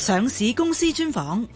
上市公司專訪。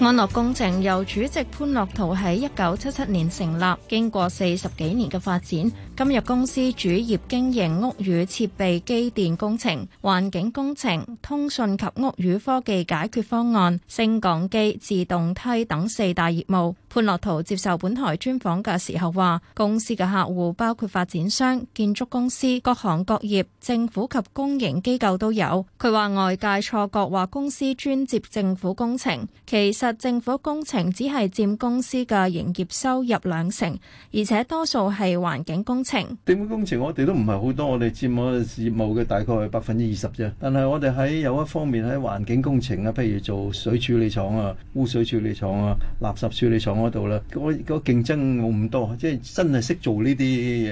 安樂工程由主席潘樂陶喺一九七七年成立，經過四十幾年嘅發展，今日公司主業經營屋宇設備、機電工程、環境工程、通訊及屋宇科技解決方案、升降機、自動梯等四大業務。潘樂陶接受本台專訪嘅時候話，公司嘅客戶包括發展商、建築公司、各行各業、政府及公營機構都有。佢話外界錯覺話公司專接政府工程，其實政府工程只係佔公司嘅營業收入兩成，而且多數係環境工程。政府工程我哋都唔係好多，我哋佔我哋業務嘅大概係百分之二十啫。但係我哋喺有一方面喺環境工程啊，譬如做水處理廠啊、污水處理廠啊、垃圾處理廠。嗰度啦，個個競爭冇咁多，即係真係識做呢啲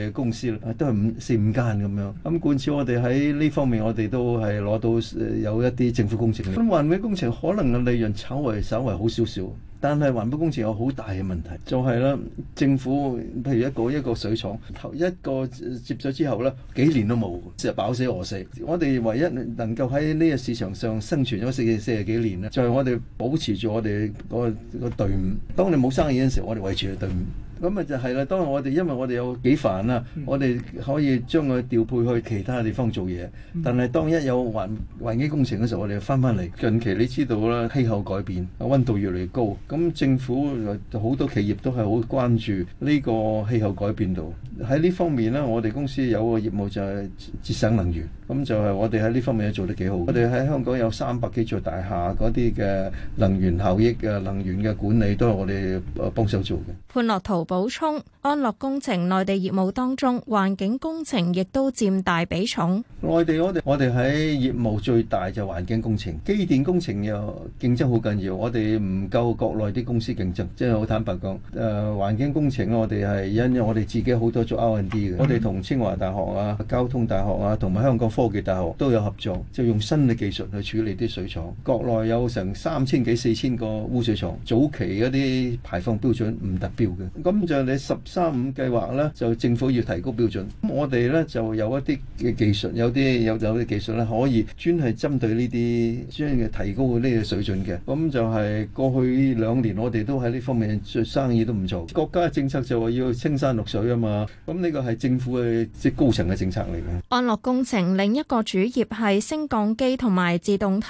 嘢公司啦，都係五四五間咁樣。咁冠超，我哋喺呢方面，我哋都係攞到有一啲政府工程。咁環境工程可能嘅利潤稍為稍為好少少。但係環保工程有好大嘅問題，就係啦，政府譬如一個一個水廠，頭一個接咗之後咧，幾年都冇，即係飽死餓死。我哋唯一能夠喺呢個市場上生存咗四四十幾年咧，就係我哋保持住我哋個個隊伍。當你冇生意嘅時候，我哋維持嘅隊伍。咁咪就係、是、啦。當然我哋因為我哋有幾煩啊，嗯、我哋可以將佢調配去其他地方做嘢。嗯、但係當一有環環境工程嘅時候，我哋又翻翻嚟。近期你知道啦，氣候改變，啊溫度越嚟越高。咁政府好多企業都係好關注呢個氣候改變度。喺呢方面呢，我哋公司有個業務就係節省能源。咁就係我哋喺呢方面做得幾好。我哋喺香港有三百幾座大廈嗰啲嘅能源效益嘅能源嘅管理，都係我哋誒幫手做嘅。潘樂陶。補充安樂工程，內地業務當中，環境工程亦都占大比重。內地我哋我哋喺業務最大就環境工程，機電工程又競爭好緊要。我哋唔夠國內啲公司競爭，即係好坦白講誒、呃、環境工程我哋係因為我哋自己好多做 R&D n 嘅，我哋同清華大學啊、交通大學啊，同埋香港科技大學都有合作，就用新嘅技術去處理啲水廠。國內有成三千幾四千個污水廠，早期嗰啲排放標準唔達標嘅，咁、嗯、就是、你十三五計劃咧，就政府要提高標準，咁我哋咧就有一啲嘅技術，有啲有有啲技術咧可以專係針對呢啲，專嘅提高呢個水準嘅。咁就係過去兩年我哋都喺呢方面做生意都唔做。國家嘅政策就話要青山綠水啊嘛。咁呢個係政府嘅即係高層嘅政策嚟嘅。安樂工程另一個主業係升降機同埋自動梯，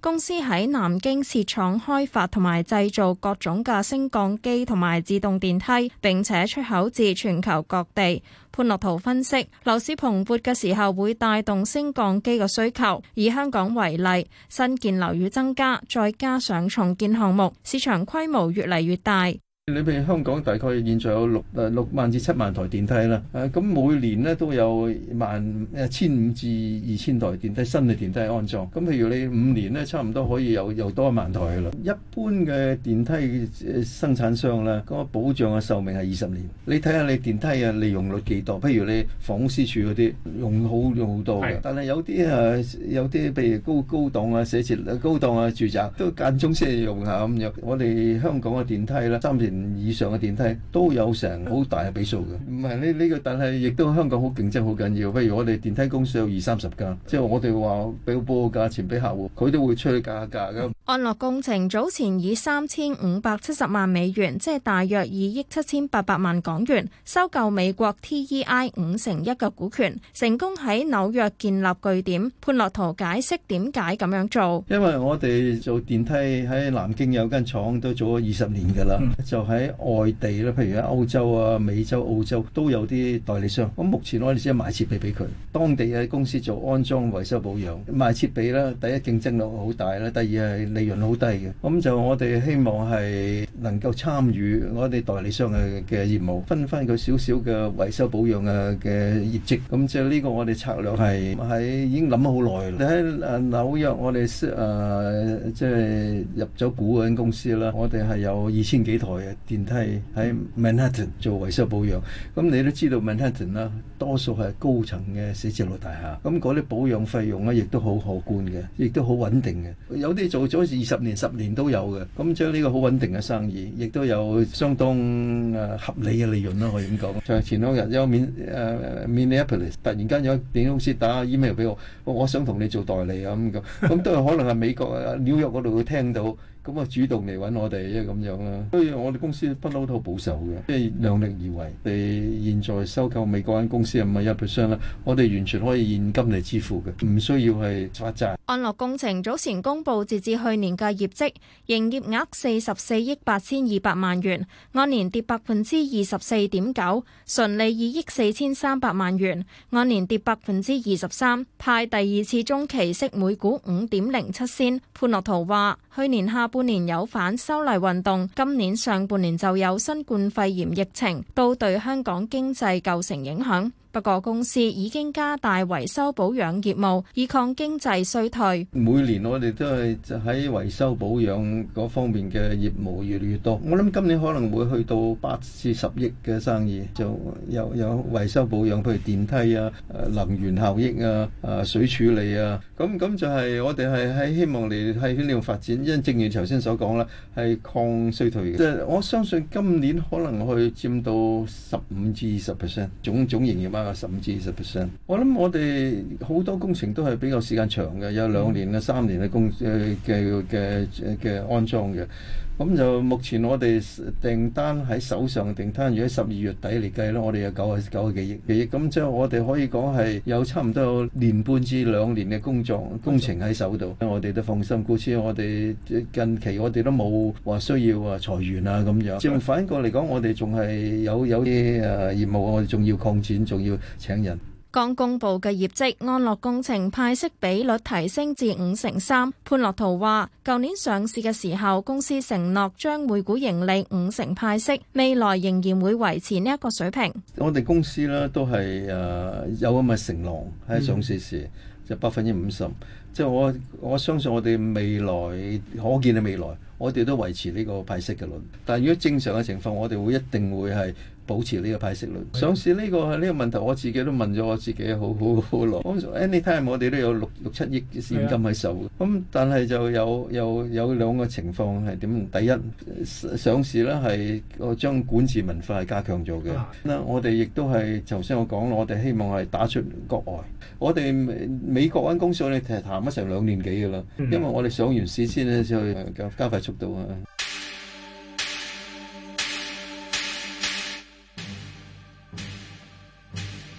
公司喺南京設廠開發同埋製造各種嘅升降機同埋自動電梯。並且出口至全球各地。潘樂陶分析，樓市蓬勃嘅時候會帶動升降機嘅需求。以香港為例，新建樓宇增加，再加上重建項目，市場規模越嚟越大。你譬如香港，大概現在有六誒六萬至七萬台電梯啦。誒、啊，咁每年咧都有萬誒千五至二千台電梯新嘅電梯安裝。咁譬如你五年咧，差唔多可以有又多一萬台啦。 一般嘅電梯誒生產商啦，咁保障嘅壽命係二十年。你睇下你電梯啊利用率幾多？譬如你房屋署嗰啲用好用好多嘅，的但係有啲誒有啲譬如高高檔啊，寫字樓，高檔啊住宅都間中先用下咁樣。我哋香港嘅電梯啦，三年。以上嘅電梯都有成好大嘅比數嘅，唔係呢呢個，但係亦都香港好競爭，好緊要。譬如我哋電梯公司有二三十間，即係我哋話俾報個價錢俾客戶，佢都會出去價一價嘅。安樂工程早前以三千五百七十萬美元，即係大約二億七千八百萬港元收購美國 TEI 五成一嘅股權，成功喺紐約建立據點。潘樂陶解釋點解咁樣做？因為我哋做電梯喺南京有間廠都做咗二十年㗎啦，就。喺外地咧，譬如喺歐洲啊、美洲、澳洲都有啲代理商。咁目前我哋只係賣設備俾佢，當地嘅公司做安裝、維修、保養。賣設備咧，第一競爭力好大啦，第二係利潤好低嘅。咁就我哋希望係能夠參與我哋代理商嘅嘅業務，分翻佢少少嘅維修保養嘅嘅業績。咁即係呢個我哋策略係喺已經諗咗好耐啦。喺紐約我哋誒即係入咗股嗰間公司啦，我哋係有二千幾台嘅電梯喺 Manhattan 做維修保養，咁、嗯、你都知道 Manhattan 啦、啊，多數係高層嘅寫字樓大廈，咁嗰啲保養費用咧、啊，亦都好可觀嘅，亦都好穩定嘅。有啲做咗二十年、十年都有嘅，咁將呢個好穩定嘅生意，亦都有相當誒、啊、合理嘅利潤啦、啊。可以咁講。就 前兩日有免誒、啊、Minneapolis 突然間有電公司打 email 俾我，我想同你做代理咁咁，咁都係可能係美國啊紐約嗰度會聽到，咁啊主動嚟揾我哋啫咁樣啦、啊。所以我哋公司不嬲都好保守嘅，即係量力而為。你現在收購美國間公司啊，五十一 percent 啦，我哋完全可以現金嚟支付嘅，唔需要去發債。安樂工程早前公布截至去年嘅業績，營業額四十四億八千二百萬元，按年跌百分之二十四點九，純利二億四千三百萬元，按年跌百分之二十三，派第二次中期息每股五點零七仙。潘樂陶話：去年下半年有反修例運動，今年上半年就有新冠肺炎疫情，都對香港經濟構成影響。個公司已經加大維修保養業務，以抗經濟衰退。每年我哋都係就喺維修保養嗰方面嘅業務越嚟越多。我諗今年可能會去到八至十億嘅生意，就有有維修保養，譬如電梯啊、誒能源效益啊、誒水處理啊。咁咁就係我哋係喺希望嚟喺呢度發展。因正如頭先所講啦，係抗衰退嘅。即係我相信今年可能去佔到十五至二十 percent 總總營業額，十五至二十 percent，我諗我哋好多工程都係比較時間長嘅，有兩年嘅，嗯、三年嘅工嘅嘅嘅安裝嘅。咁就目前我哋訂單喺手上訂單，如果十二月底嚟計咧，我哋有九十九個幾億幾億，咁即係我哋可以講係有差唔多年半至兩年嘅工作工程喺手度，我哋都放心故。故此我哋近期我哋都冇話需要話裁員啊咁樣。正反過嚟講，我哋仲係有有啲誒業務，我哋仲要擴展，仲要請人。剛公布嘅業績，安樂工程派息比率提升至五成三。潘樂陶話：舊年上市嘅時候，公司承諾將每股盈利五成派息，未來仍然會維持呢一個水平。我哋公司咧都係誒有咁嘅承諾喺上市時，即係百分之五十。即係我我相信我哋未來可見嘅未來，我哋都維持呢個派息嘅率。但係如果正常嘅情況，我哋會一定會係保持呢個派息率，的上市呢、呢個呢、呢個問題，我自己都問咗我自己，好好好耐。咁誒，你睇下我哋都有六六七億現金喺手，咁但係就有有有兩個情況係點？第一上市咧係我將管治文化係加強咗嘅。嗱， 我哋亦都係頭先我講我哋希望係打出國外。我哋美美國嗰間公司我哋談咗成兩年幾嘅啦， 因為我哋上完市先呢，就加快速度啊。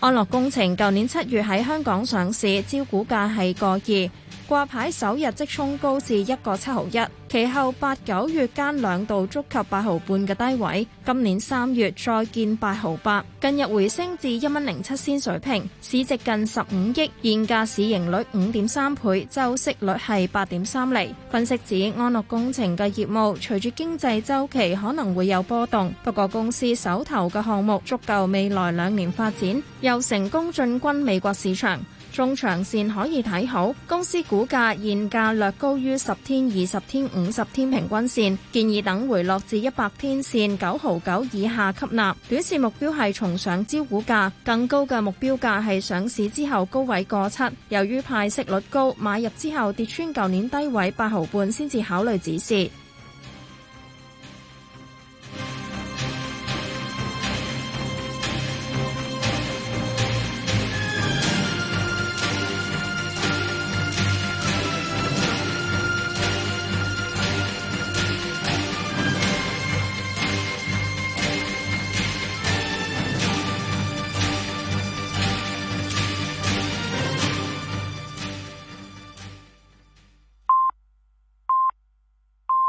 安樂工程舊年七月喺香港上市，招股價係個二。掛牌首日即衝高至一個七毫一，其後八九月間兩度觸及八毫半嘅低位，今年三月再見八毫八，近日回升至一蚊零七仙水平，市值近十五億，現價市盈率五點三倍，周息率係八點三厘。分析指安樂工程嘅業務隨住經濟周期可能會有波動，不過公司手頭嘅項目足夠未來兩年發展，又成功進軍美國市場。中長線可以睇好，公司股價現價略高於十天、二十天、五十天平均線，建議等回落至一百天線九毫九以下吸納。短線目標係重上招股價，更高嘅目標價係上市之後高位過七。由於派息率高，買入之後跌穿舊年低位八毫半先至考慮止蝕。